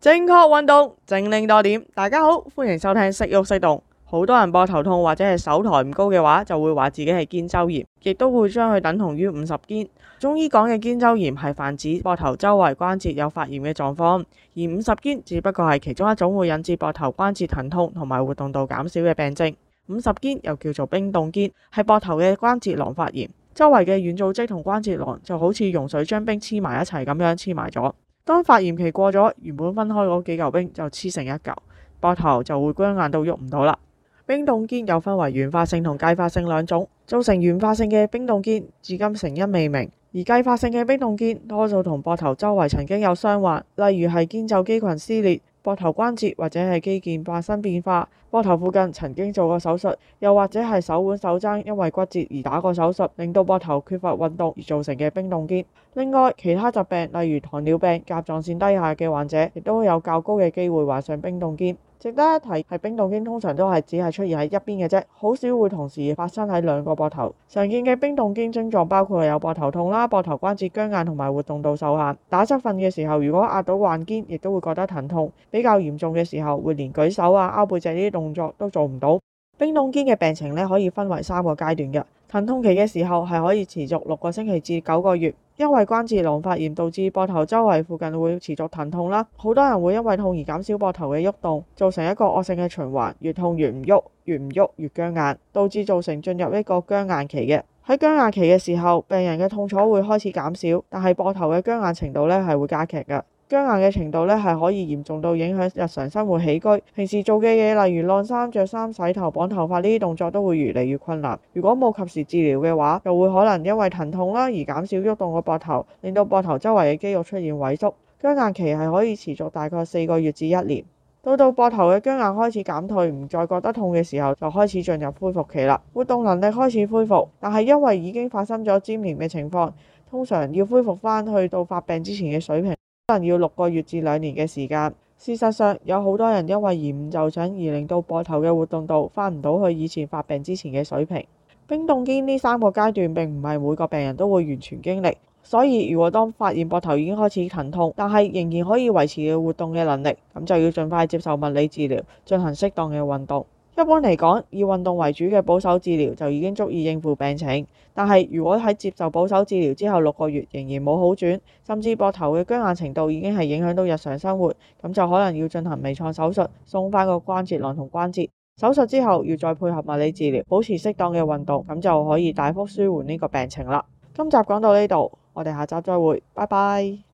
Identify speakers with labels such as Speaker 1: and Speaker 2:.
Speaker 1: 正確運動，正令多點。大家好，歡迎收聽識郁適動。好多人膊頭痛或者係手抬唔高嘅話，就會話自己係肩周炎，亦都會將佢等同於五十肩。中醫講嘅肩周炎係泛指膊頭周圍關節有發炎嘅狀況，而五十肩只不過係其中一種會引致膊頭關節疼痛同埋活動度減少嘅病症。五十肩又叫做冰凍肩，係膊頭嘅關節囊發炎，周圍嘅軟組織同關節囊就好似融水將冰黐埋一齊咁樣黐埋咗。當發炎期過咗，原本分開嗰幾嚿冰就黐成一嚿，膊頭就會僵硬到喐唔到啦。冰凍肩又分為原發性同繼發性兩種，造成原發性嘅冰凍肩至今成因未明，而繼發性嘅冰凍肩多數同膊頭周圍曾經有傷患，例如係肩袖肌群撕裂，膊頭關節或者係肌腱發生變化，膊頭附近曾經做過手術，又或者係手腕手踭因為骨折而打過手術，令到膊頭缺乏運動而造成嘅冰凍肩。另外，其他疾病，例如糖尿病、甲狀腺低下嘅患者，亦都有較高嘅機會患上冰凍肩。值得一提，係冰凍肩通常都係只係出現喺一邊嘅啫，好少會同時發生喺兩個膊頭。常見嘅冰凍肩症狀包括有膊頭痛啦、膊頭關節僵硬同埋活動度受限。打側瞓嘅時候，如果壓到患肩，亦都會覺得疼痛。比較嚴重嘅時候，會連舉手啊、拗背脊呢啲動作都做唔到。冰凍肩嘅病情咧，可以分為三個階段嘅。疼痛期嘅時候係可以持續六個星期至九個月，因為關節囊發炎導致膊頭周圍附近會持續疼痛啦。好多人會因為痛而減少膊頭嘅喐動，造成一個惡性嘅循環，越痛越唔喐，越唔喐越僵硬，導致造成進入一個僵硬期嘅。喺僵硬期嘅時候，病人嘅痛楚會開始減少，但係膊頭嘅僵硬程度呢係會加劇嘅。僵硬嘅程度呢，係可以嚴重到影響日常生活起居，平時做嘅嘢，例如晾衫、着衫、洗頭、綁頭髮呢啲動作都會越嚟越困難。如果冇及時治療嘅話，又會可能因為疼痛啦而減少喐動個膊頭，令到膊頭周圍嘅肌肉出現萎縮。僵硬期係可以持續大概四個月至一年。到到膊頭嘅僵硬開始減退，唔再覺得痛嘅時候，就開始進入恢復期啦。活動能力開始恢復，但係因為已經發生咗粘連嘅情況，通常要恢復翻去到發病之前嘅水平。可能要六個月至兩年嘅時間。事實上，有好多人因為延誤就診，而令到膊頭嘅活動度翻唔到去以前發病之前嘅水平。冰凍肩呢三個階段並唔係每個病人都會完全經歷，所以如果當發現膊頭已經開始疼痛，但係仍然可以維持嘅活動嘅能力，咁就要盡快接受物理治療，進行適當嘅運動。一般嚟講，以運動為主嘅保守治療就已經足以應付病情。但係如果喺接受保守治療之後六個月仍然冇好轉，甚至膊頭嘅僵硬程度已經係影響到日常生活，咁就可能要進行微創手術，鬆翻個關節囊同關節。手術之後要再配合物理治療，保持適當嘅運動，咁就可以大幅舒緩呢個病情啦。今集講到呢度，我哋下集再會，拜拜。